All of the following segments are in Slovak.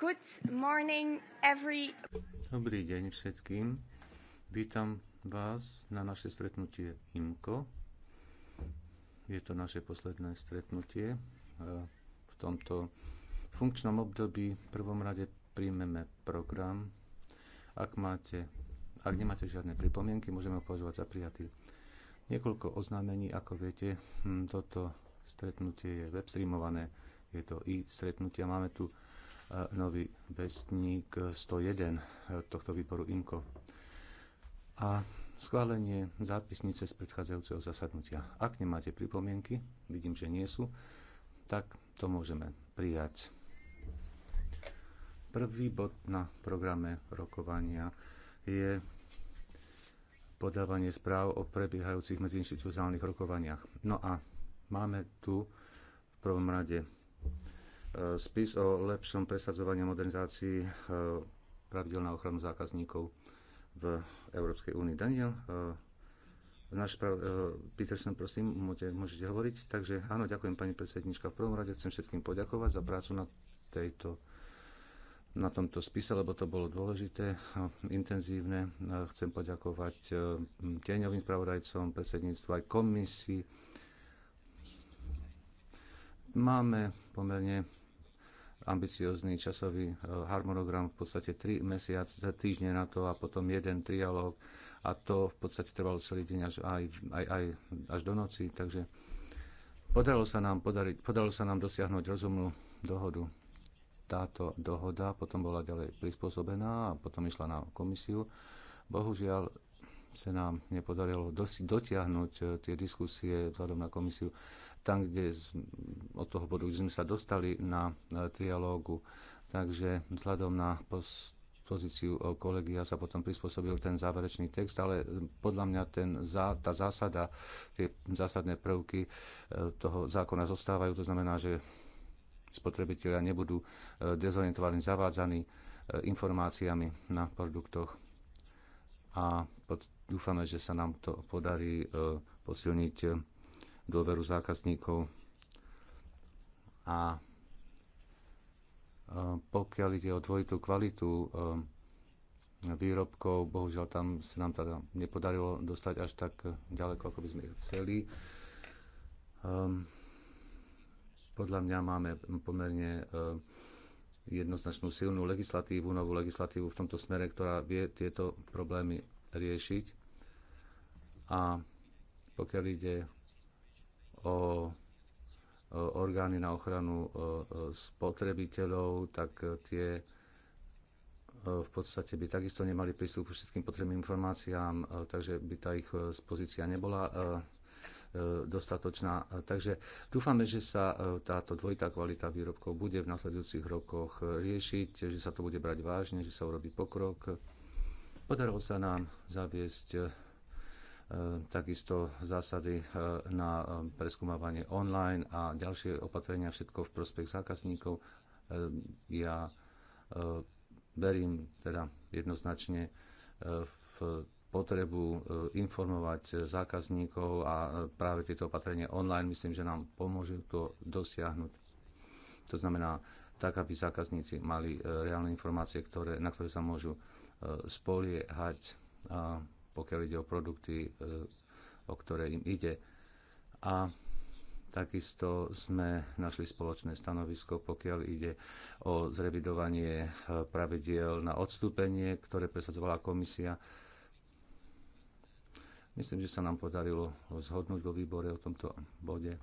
Good morning every... Dobrý deň všetkým. Vítam vás na naše stretnutie IMCO. Je to naše posledné stretnutie. E, v tomto funkčnom období v prvom rade príjmeme program. Ak, máte, ak nemáte žiadne pripomienky, môžeme ho považovať za prijatý. Niekoľko oznámení, ako viete, hm, toto stretnutie je webstreamované, je to i stretnutia. Máme tu nový vestník 101 tohto výboru INKO. A schválenie zápisnice z predchádzajúceho zasadnutia. Ak nemáte pripomienky, vidím, že nie sú, tak to môžeme prijať. Prvý bod na programe rokovania je podávanie správ o prebiehajúcich medziinstitucionálnych rokovaniach. No a máme tu v prvom rade spis o lepšom presadzovaní modernizácii e, pravidel na ochranu zákazníkov v Európskej únii. Daniel, e, náš prav, e, Peterson, prosím, môžete, môžete hovoriť. Takže áno, ďakujem pani predsednička. V prvom rade chcem všetkým poďakovať za prácu na tejto na tomto spise, lebo to bolo dôležité, a intenzívne. Chcem poďakovať tieňovým spravodajcom, predsedníctvu aj komisii. Máme pomerne ambiciózny časový e, harmonogram, v podstate 3 mesiac, e, týždne na to a potom jeden trialóg a to v podstate trvalo celý deň až, aj, aj, aj, až do noci, takže podarilo sa nám, podariť, podarilo sa nám dosiahnuť rozumnú dohodu. Táto dohoda potom bola ďalej prispôsobená a potom išla na komisiu. Bohužiaľ, sa nám nepodarilo dotiahnuť e, tie diskusie vzhľadom na komisiu tam, kde od toho bodu, kde sme sa dostali na e, trialógu. Takže vzhľadom na pozíciu e, kolegia sa potom prispôsobil ten záverečný text, ale podľa mňa ten, tá zásada, tie zásadné prvky toho zákona zostávajú. To znamená, že spotrebitelia nebudú dezorientovaní, zavádzaní informáciami na produktoch a pod, dúfame, že sa nám to podarí e, posilniť e, dôveru zákazníkov. A e, pokiaľ ide o dvojitú kvalitu e, výrobkov, bohužiaľ tam sa nám teda nepodarilo dostať až tak ďaleko, ako by sme chceli. E, Podľa mňa máme pomerne e, jednoznačnú silnú legislatívu, novú legislatívu v tomto smere, ktorá vie tieto problémy riešiť. A pokiaľ ide o orgány na ochranu spotrebiteľov, tak tie v podstate by takisto nemali prístup k všetkým potrebným informáciám, takže by tá ich pozícia nebola E, dostatočná. Takže dúfame, že sa e, táto dvojitá kvalita výrobkov bude v nasledujúcich rokoch e, riešiť, že sa to bude brať vážne, že sa urobí pokrok. Podarilo sa nám zaviesť takisto zásady na preskúmavanie online a ďalšie opatrenia, všetko v prospech zákazníkov. Ja verím teda jednoznačne v potrebu e, informovať zákazníkov a e, práve tieto opatrenia online myslím, že nám pomôžu to dosiahnuť. To znamená, tak, aby zákazníci mali e, reálne informácie, ktoré, na ktoré sa môžu spoliehať, pokiaľ ide o produkty, o ktoré im ide. A Takisto sme našli spoločné stanovisko, pokiaľ ide o zrevidovanie pravidiel na odstúpenie, ktoré presadzovala komisia Myslím, že sa nám podarilo zhodnúť vo výbore o tomto bode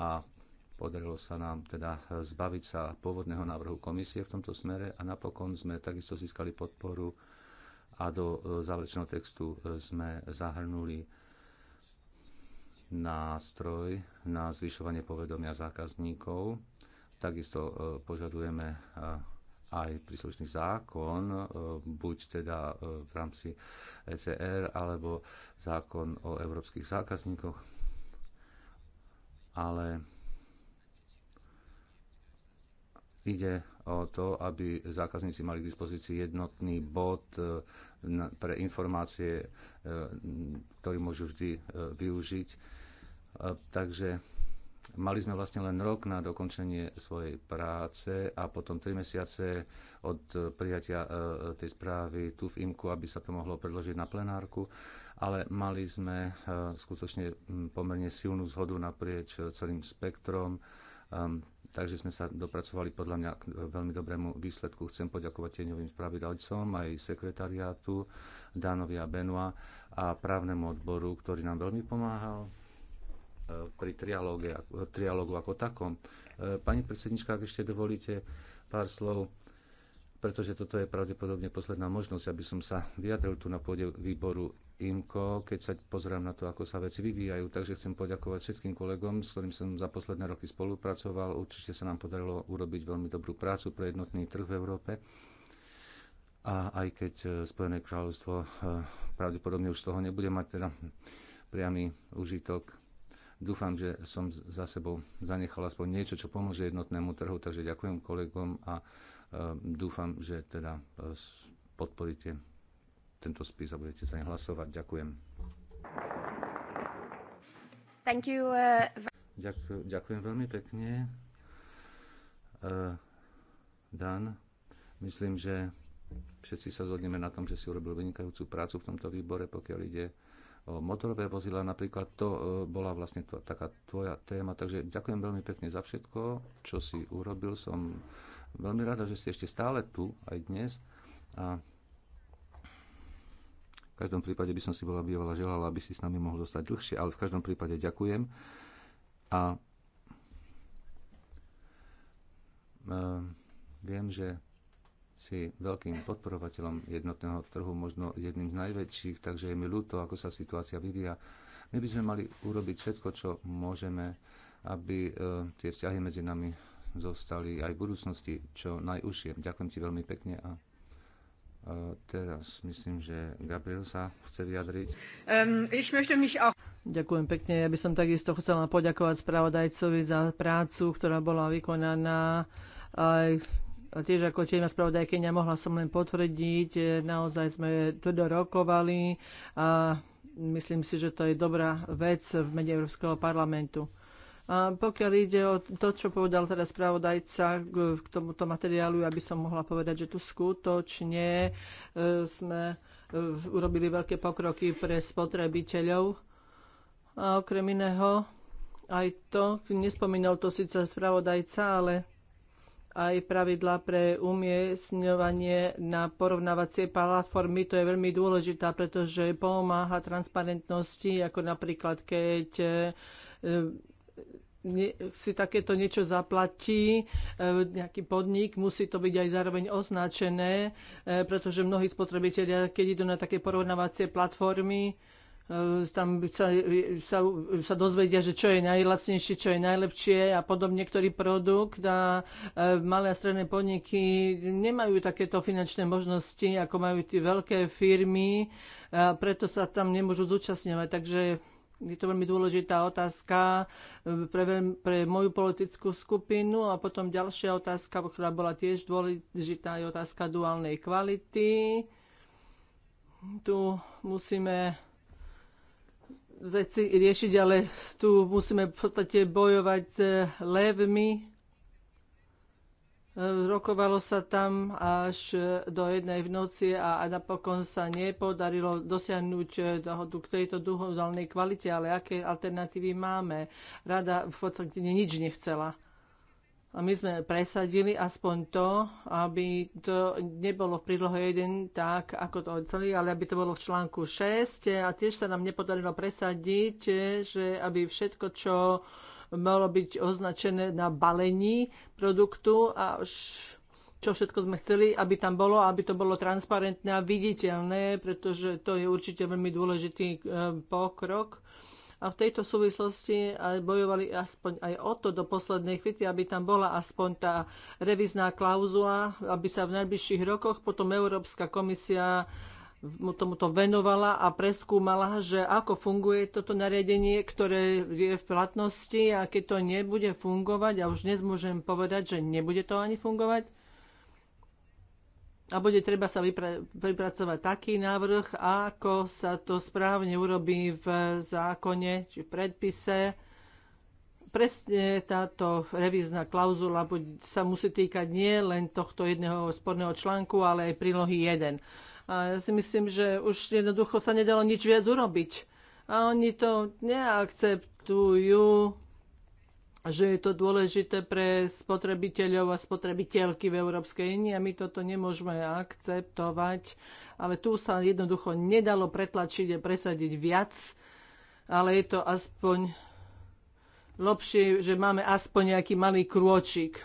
a podarilo sa nám teda zbaviť sa pôvodného návrhu komisie v tomto smere a napokon sme takisto získali podporu a do e, záverečného textu e, sme zahrnuli nástroj na zvyšovanie povedomia zákazníkov. Takisto e, požadujeme aj príslušný zákon, e, buď teda e, v rámci ECR alebo zákon o európskych zákazníkoch. Ale ide o to, aby zákazníci mali k dispozícii jednotný bod e, pre informácie, ktorý môžu vždy využiť. Takže Mali sme vlastne len rok na dokončenie svojej práce a potom tri mesiace od prijatia e, tej správy tu v IMKU, aby sa to mohlo predložiť na plenárku, ale mali sme e, skutočne pomerne silnú zhodu naprieč celým spektrom, ehm, takže sme sa dopracovali podľa mňa k veľmi dobrému výsledku. Chcem poďakovať tieňovým spravodajcom, aj sekretariátu, Dánovi a Benua a právnemu odboru, ktorý nám veľmi pomáhal E, pri trialóge, e, trialógu ako takom. E, pani predsednička, ak ešte dovolíte pár slov, pretože toto je pravdepodobne posledná možnosť, aby som sa vyjadril tu na pôde výboru IMKO, keď sa pozerám na to, ako sa veci vyvíjajú. Takže chcem poďakovať všetkým kolegom, s ktorým som za posledné roky spolupracoval. Určite sa nám podarilo urobiť veľmi dobrú prácu pre jednotný trh v Európe. A aj keď Spojené kráľovstvo pravdepodobne už z toho nebude mať teda priamy užitok, Dúfam, že som za sebou zanechal aspoň niečo, čo pomôže jednotnému trhu, takže ďakujem kolegom a e, dúfam, že teda e, podporíte tento spis a budete za ne hlasovať. Ďakujem. Thank you, uh... Ďak, ďakujem veľmi pekne. Uh, Dan, myslím, že všetci sa zhodneme na tom, že si urobil vynikajúcu prácu v tomto výbore, pokiaľ ide motorové vozidla napríklad, to e, bola vlastne tvo, taká tvoja téma, takže ďakujem veľmi pekne za všetko, čo si urobil, som veľmi rada, že si ešte stále tu aj dnes a v každom prípade by som si bola bývala želala, aby si s nami mohol zostať dlhšie, ale v každom prípade ďakujem a e, viem, že si veľkým podporovateľom jednotného trhu, možno jedným z najväčších, takže je mi ľúto, ako sa situácia vyvíja. My by sme mali urobiť všetko, čo môžeme, aby e, tie vzťahy medzi nami zostali aj v budúcnosti čo najúžšie. Ďakujem ti veľmi pekne a teraz myslím, že Gabriel sa chce vyjadriť. Um, Ďakujem pekne. Ja by som takisto chcela poďakovať spravodajcovi za prácu, ktorá bola vykonaná aj tiež ako tieňa spravodajkenia mohla som len potvrdiť, e, naozaj sme tvrdo rokovali a myslím si, že to je dobrá vec v mene Európskeho parlamentu. A pokiaľ ide o to, čo povedal teda spravodajca k tomuto materiálu, aby som mohla povedať, že tu skutočne e, sme e, urobili veľké pokroky pre spotrebiteľov. A okrem iného, aj to, nespomínal to síce spravodajca, ale aj pravidla pre umiestňovanie na porovnávacie platformy. To je veľmi dôležité, pretože pomáha transparentnosti, ako napríklad keď e, e, si takéto niečo zaplatí e, nejaký podnik, musí to byť aj zároveň označené, pretože mnohí spotrebitelia, keď idú na také porovnávacie platformy, E, tam sa, sa, sa dozvedia, že čo je najlacnejšie, čo je najlepšie a podobne, ktorý produkt a e, malé a stredné podniky nemajú takéto finančné možnosti, ako majú tie veľké firmy, a preto sa tam nemôžu zúčastňovať. Takže je to veľmi dôležitá otázka e, pre, pre moju politickú skupinu a potom ďalšia otázka, ktorá bola tiež dôležitá, je otázka duálnej kvality. Tu musíme veci riešiť, ale tu musíme v podstate bojovať s levmi. Rokovalo sa tam až do jednej v noci a, napokon sa nepodarilo dosiahnuť dohodu k tejto duhovnalnej kvalite, ale aké alternatívy máme? Rada v podstate nič nechcela. A my sme presadili aspoň to, aby to nebolo v prílohe 1 tak, ako to chceli, ale aby to bolo v článku 6. A tiež sa nám nepodarilo presadiť, že aby všetko, čo malo byť označené na balení produktu a čo všetko sme chceli, aby tam bolo, aby to bolo transparentné a viditeľné, pretože to je určite veľmi dôležitý e, pokrok a v tejto súvislosti aj bojovali aspoň aj o to do poslednej chvíli, aby tam bola aspoň tá revizná klauzula, aby sa v najbližších rokoch potom Európska komisia tomuto venovala a preskúmala, že ako funguje toto nariadenie, ktoré je v platnosti a keď to nebude fungovať, a už dnes môžem povedať, že nebude to ani fungovať, a bude treba sa vypracovať taký návrh, ako sa to správne urobí v zákone či v predpise. Presne táto revízna klauzula sa musí týkať nie len tohto jedného sporného článku, ale aj prílohy 1. A ja si myslím, že už jednoducho sa nedalo nič viac urobiť. A oni to neakceptujú a že je to dôležité pre spotrebiteľov a spotrebiteľky v Európskej únii a my toto nemôžeme akceptovať. Ale tu sa jednoducho nedalo pretlačiť a presadiť viac, ale je to aspoň lepšie, že máme aspoň nejaký malý krôčik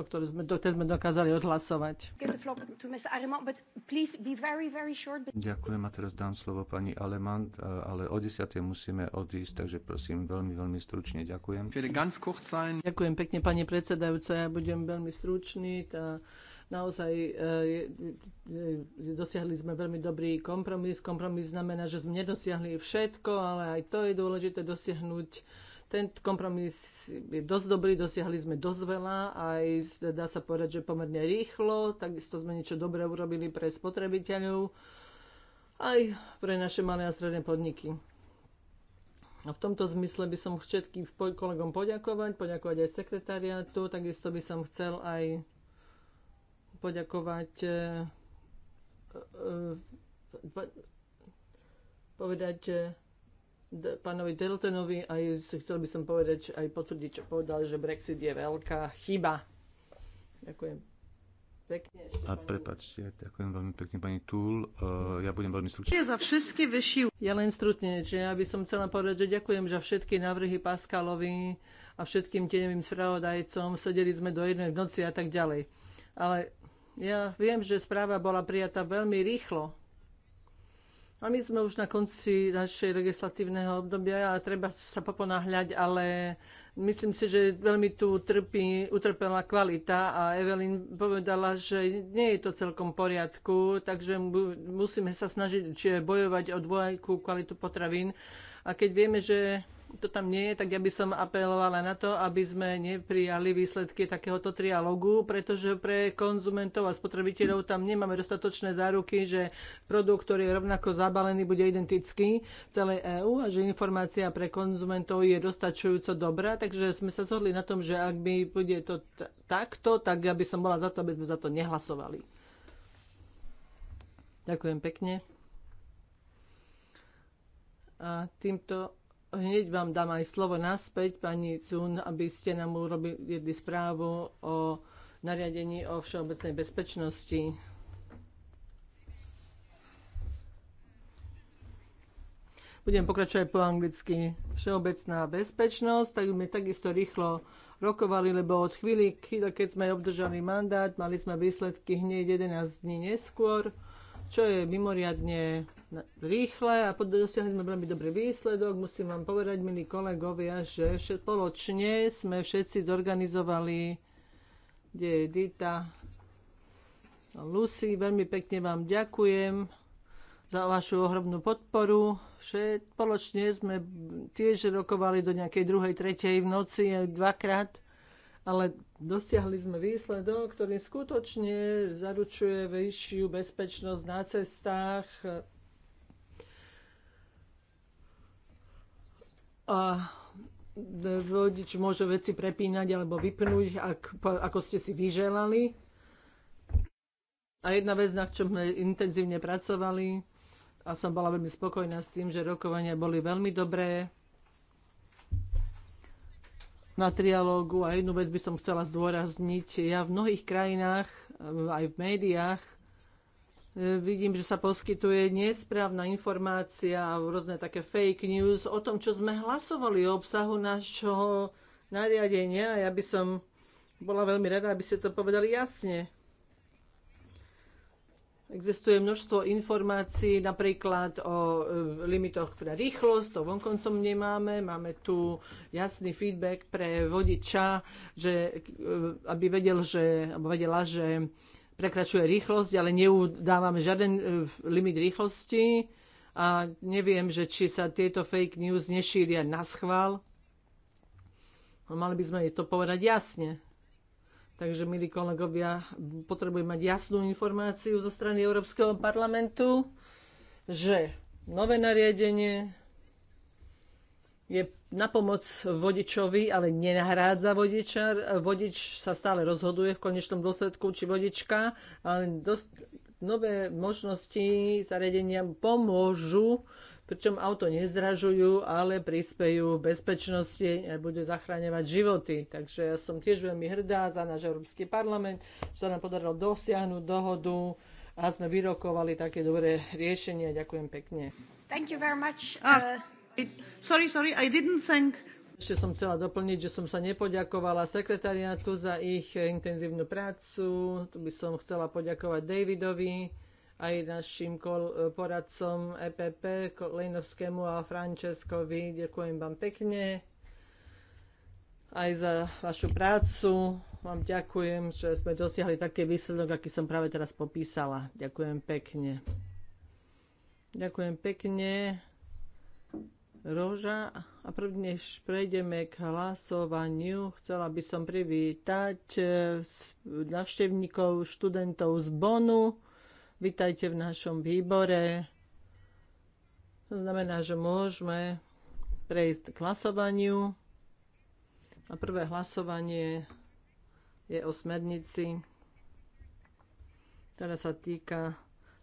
o ktoré sme, do sme dokázali odhlasovať. Ďakujem a teraz dám slovo pani Alemant, ale o 10. musíme odísť, takže prosím veľmi, veľmi stručne ďakujem. Ďakujem pekne pani predsedajúca, ja budem veľmi stručný. Tá naozaj e, dosiahli sme veľmi dobrý kompromis. Kompromis znamená, že sme nedosiahli všetko, ale aj to je dôležité dosiahnuť ten kompromis je dosť dobrý, dosiahli sme dosť veľa, aj dá sa povedať, že pomerne rýchlo. Takisto sme niečo dobré urobili pre spotrebiteľov, aj pre naše malé a stredné podniky. A v tomto zmysle by som všetkým kolegom poďakovať, poďakovať aj sekretariátu, takisto by som chcel aj poďakovať e, e, e, povedať, že pánovi Deltonovi a chcel by som povedať, aj potvrdiť, čo povedal, že Brexit je veľká chyba. Ďakujem. Pekne ešte, A prepačte, ďakujem veľmi pekne pani Túl. Uh, e, ja budem veľmi stručný. Za všetky vyšší. Ja len strutne, že ja by som chcela povedať, že ďakujem za všetky návrhy Paskalovi a všetkým tenevým spravodajcom. Sedeli sme do jednej v noci a tak ďalej. Ale ja viem, že správa bola prijatá veľmi rýchlo, a my sme už na konci našej legislatívneho obdobia a treba sa poponáhľať, ale myslím si, že veľmi tu trpí, utrpela kvalita a Evelyn povedala, že nie je to celkom v poriadku, takže musíme sa snažiť bojovať o dvojakú kvalitu potravín. A keď vieme, že to tam nie je, tak ja by som apelovala na to, aby sme neprijali výsledky takéhoto trialógu, pretože pre konzumentov a spotrebiteľov tam nemáme dostatočné záruky, že produkt, ktorý je rovnako zabalený, bude identický v celej EÚ a že informácia pre konzumentov je dostačujúco dobrá. Takže sme sa zhodli na tom, že ak by bude to takto, tak ja by som bola za to, aby sme za to nehlasovali. Ďakujem pekne. A týmto Hneď vám dám aj slovo naspäť, pani Cun, aby ste nám urobili správu o nariadení o všeobecnej bezpečnosti. Budem pokračovať po anglicky. Všeobecná bezpečnosť, tak sme takisto rýchlo rokovali, lebo od chvíli, keď sme obdržali mandát, mali sme výsledky hneď 11 dní neskôr, čo je mimoriadne rýchle a dosiahli sme veľmi dobrý výsledok. Musím vám povedať, milí kolegovia, že spoločne sme všetci zorganizovali, kde je Dita a Lucy, veľmi pekne vám ďakujem za vašu ohromnú podporu. Spoločne sme tiež rokovali do nejakej druhej, tretej v noci dvakrát, ale dosiahli sme výsledok, ktorý skutočne zaručuje vyššiu bezpečnosť na cestách a vodič môže veci prepínať alebo vypnúť, ak, ako ste si vyželali. A jedna vec, na čom sme intenzívne pracovali, a som bola veľmi spokojná s tým, že rokovania boli veľmi dobré na trialógu. A jednu vec by som chcela zdôrazniť. Ja v mnohých krajinách, aj v médiách, E, vidím, že sa poskytuje nesprávna informácia, a rôzne také fake news o tom, čo sme hlasovali, o obsahu našho nariadenia. Ja by som bola veľmi rada, aby ste to povedali jasne. Existuje množstvo informácií napríklad o e, limitoch pre teda rýchlosť, to vonkoncom nemáme, máme tu jasný feedback pre vodiča, že, e, aby vedel, že, aby vedela, že prekračuje rýchlosť, ale neudávame žiaden e, limit rýchlosti a neviem, že či sa tieto fake news nešíria na schvál. No, mali by sme to povedať jasne. Takže, milí kolegovia, potrebujem mať jasnú informáciu zo strany Európskeho parlamentu, že nové nariadenie je na pomoc vodičovi, ale nenahrádza vodiča. Vodič sa stále rozhoduje v konečnom dôsledku, či vodička, ale dosť, nové možnosti zariadenia pomôžu, pričom auto nezdražujú, ale prispejú bezpečnosti a budú zachráňovať životy. Takže ja som tiež veľmi hrdá za náš Európsky parlament, že sa nám podarilo dosiahnuť dohodu a sme vyrokovali také dobré riešenie. Ďakujem pekne. Thank you very much. Ah. Uh sorry, sorry, I didn't thank ešte som chcela doplniť, že som sa nepoďakovala sekretariátu za ich intenzívnu prácu. Tu by som chcela poďakovať Davidovi, aj našim poradcom EPP, Lejnovskému a Frančeskovi. Ďakujem vám pekne aj za vašu prácu. Vám ďakujem, že sme dosiahli taký výsledok, aký som práve teraz popísala. Ďakujem pekne. Ďakujem pekne. Roža. A prvne, než prejdeme k hlasovaniu, chcela by som privítať eh, navštevníkov študentov z Bonu. Vítajte v našom výbore. To znamená, že môžeme prejsť k hlasovaniu. A prvé hlasovanie je o smernici, ktorá sa týka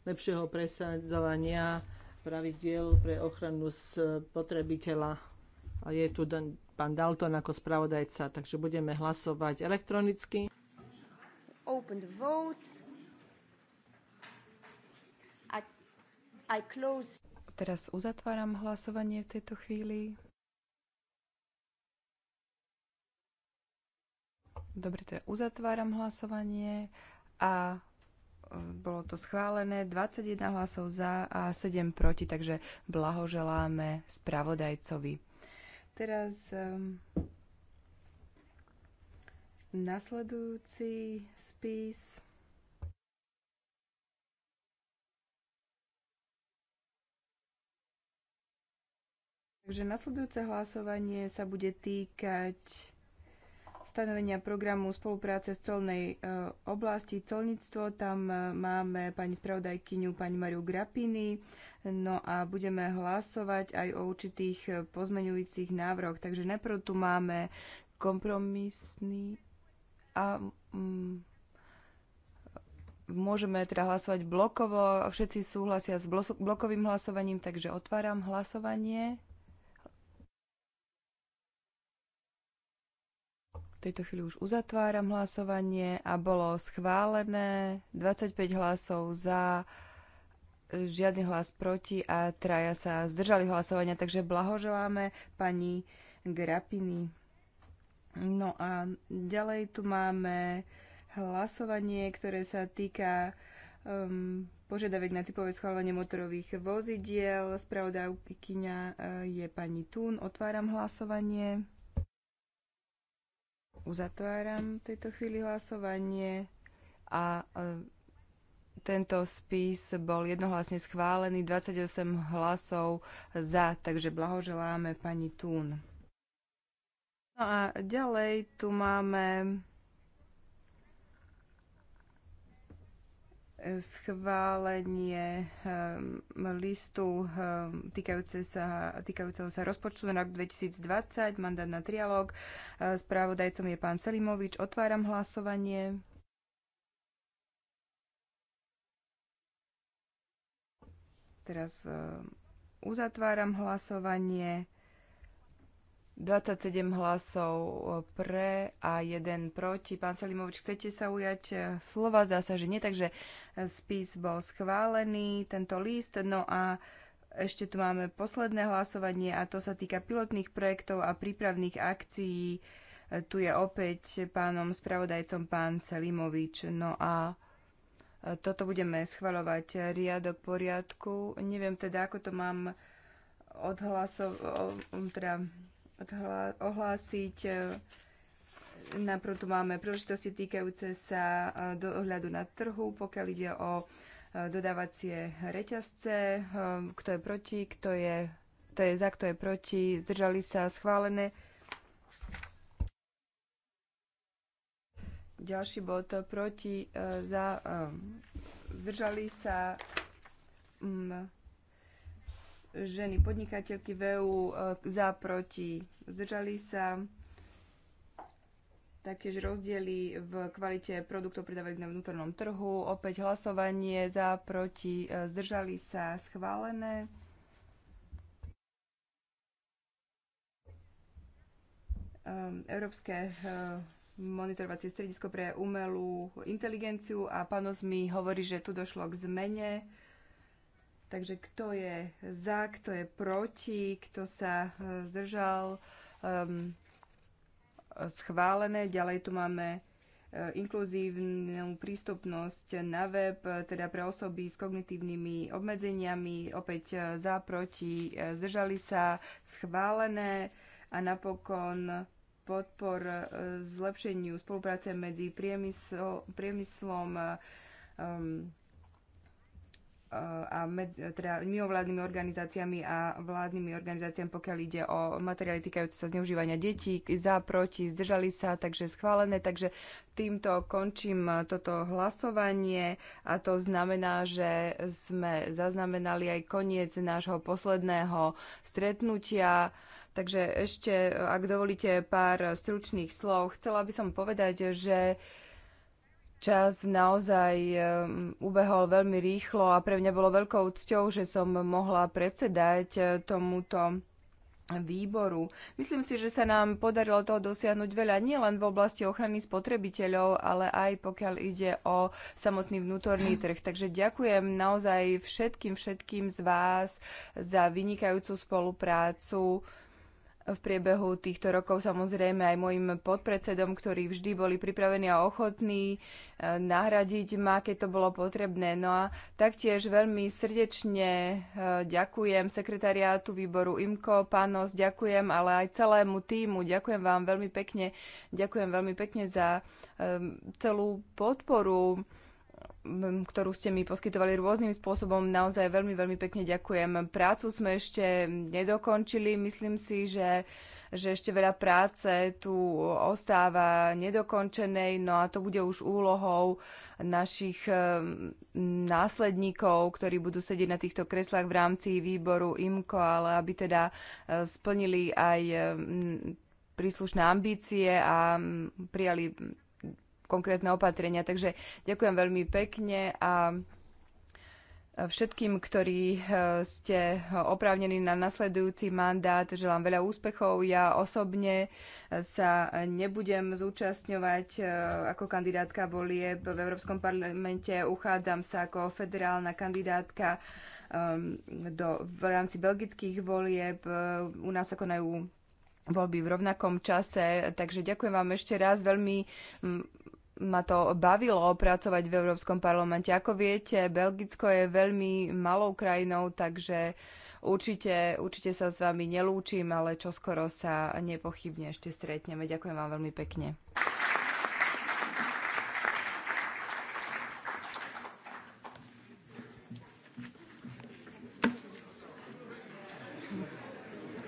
lepšieho presadzovania pravidiel pre ochranu spotrebiteľa. A je tu pán Dalton ako spravodajca, takže budeme hlasovať elektronicky. Open the vote. I, I close. Teraz uzatváram hlasovanie v tejto chvíli. Dobre, teda uzatváram hlasovanie a bolo to schválené, 21 hlasov za a 7 proti, takže blahoželáme spravodajcovi. Teraz um, nasledujúci spis. Takže nasledujúce hlasovanie sa bude týkať stanovenia programu spolupráce v colnej e, oblasti colníctvo. Tam e, máme pani spravodajkyňu pani Mariu Grapiny. No a budeme hlasovať aj o určitých e, pozmeňujúcich návrhoch. Takže najprv tu máme kompromisný a mm, môžeme teda hlasovať blokovo. Všetci súhlasia s blokovým hlasovaním, takže otváram hlasovanie. tejto chvíli už uzatváram hlasovanie a bolo schválené 25 hlasov za, žiadny hlas proti a traja sa zdržali hlasovania, takže blahoželáme pani Grapiny. No a ďalej tu máme hlasovanie, ktoré sa týka um, požiadavek na typové schválenie motorových vozidiel. Spravodajkyňa uh, je pani Tún. Otváram hlasovanie. Uzatváram v tejto chvíli hlasovanie a e, tento spis bol jednohlasne schválený, 28 hlasov za, takže blahoželáme pani Tún. No a ďalej tu máme schválenie ehm, listu ehm, týkajúce sa, týkajúceho sa rozpočtu na rok 2020, mandát na trialog. Správodajcom je pán Selimovič. Otváram hlasovanie. Teraz ehm, uzatváram hlasovanie. 27 hlasov e, pre a jeden proti. Pán Salimovič, chcete sa ujať e, slova? Zdá sa, že nie, takže spis bol schválený, tento list. No a ešte tu máme posledné hlasovanie a to sa týka pilotných projektov a prípravných akcií. E, tu je opäť pánom spravodajcom pán Selimovič. No a toto budeme schvaľovať riadok poriadku. Neviem teda, ako to mám odhlasov, teda ohlásiť. E, najprv tu máme príležitosti týkajúce sa e, ohľadu na trhu, pokiaľ ide o e, dodávacie reťazce, kto je proti, kto je, kto je za, kto je proti, zdržali sa schválené. Ďalší bod proti, za, zdržali sa, ženy podnikateľky v EU e, za proti. Zdržali sa taktiež rozdiely v kvalite produktov predávaných na vnútornom trhu. Opäť hlasovanie za proti. E, zdržali sa schválené. Ehm, Európske e, monitorovacie stredisko pre umelú inteligenciu a panos mi hovorí, že tu došlo k zmene Takže kto je za, kto je proti, kto sa e, zdržal, um, schválené. Ďalej tu máme e, inkluzívnu prístupnosť na web, e, teda pre osoby s kognitívnymi obmedzeniami, opäť za, proti, zdržali sa, schválené a napokon podpor zlepšeniu spolupráce medzi priemysl, priemyslom, um, a med, teda mimovládnymi organizáciami a vládnymi organizáciami, pokiaľ ide o materiály týkajúce sa zneužívania detí, za, proti, zdržali sa, takže schválené. Takže týmto končím eh, toto hlasovanie a to znamená, že sme zaznamenali aj koniec nášho posledného stretnutia. Takže ešte, eh, ak dovolíte, pár stručných slov. Chcela by som povedať, že čas naozaj ubehol veľmi rýchlo a pre mňa bolo veľkou cťou, že som mohla predsedať e, tomuto výboru. Myslím si, že sa nám podarilo toho dosiahnuť veľa nielen v oblasti ochrany spotrebiteľov, ale aj pokiaľ ide o samotný vnútorný trh. Takže ďakujem naozaj všetkým, všetkým z vás za vynikajúcu spoluprácu v priebehu týchto rokov samozrejme aj mojim podpredsedom, ktorí vždy boli pripravení a ochotní e, nahradiť ma, keď to bolo potrebné. No a taktiež veľmi srdečne e, ďakujem sekretariátu výboru IMKO, pános, ďakujem, ale aj celému týmu, ďakujem vám veľmi pekne, ďakujem veľmi pekne za e, celú podporu ktorú ste mi poskytovali rôznym spôsobom. Naozaj veľmi, veľmi pekne ďakujem. Prácu sme ešte nedokončili. Myslím si, že že ešte veľa práce tu ostáva nedokončenej, no a to bude už úlohou našich e, následníkov, ktorí budú sedieť na týchto kreslách v rámci výboru IMCO, ale aby teda e, splnili aj príslušné ambície a prijali konkrétne opatrenia. Takže ďakujem veľmi pekne a všetkým, ktorí eh, ste oprávnení na nasledujúci mandát. Želám veľa úspechov. Ja osobne eh, sa nebudem zúčastňovať eh, ako kandidátka volieb v Európskom parlamente. Uchádzam sa ako federálna kandidátka ehm, do, v rámci belgických volieb. U nás sa konajú voľby v rovnakom čase. Takže ďakujem vám ešte raz. Veľmi mm, ma to bavilo pracovať v Európskom parlamente. Ako viete, Belgicko je veľmi malou krajinou, takže určite, určite sa s vami nelúčim, ale čoskoro sa nepochybne ešte stretneme. Ďakujem vám veľmi pekne.